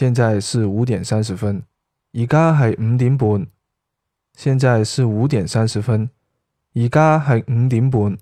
現在是五點三十分，而家係五點半。現在是五點三十分，而家係五點半。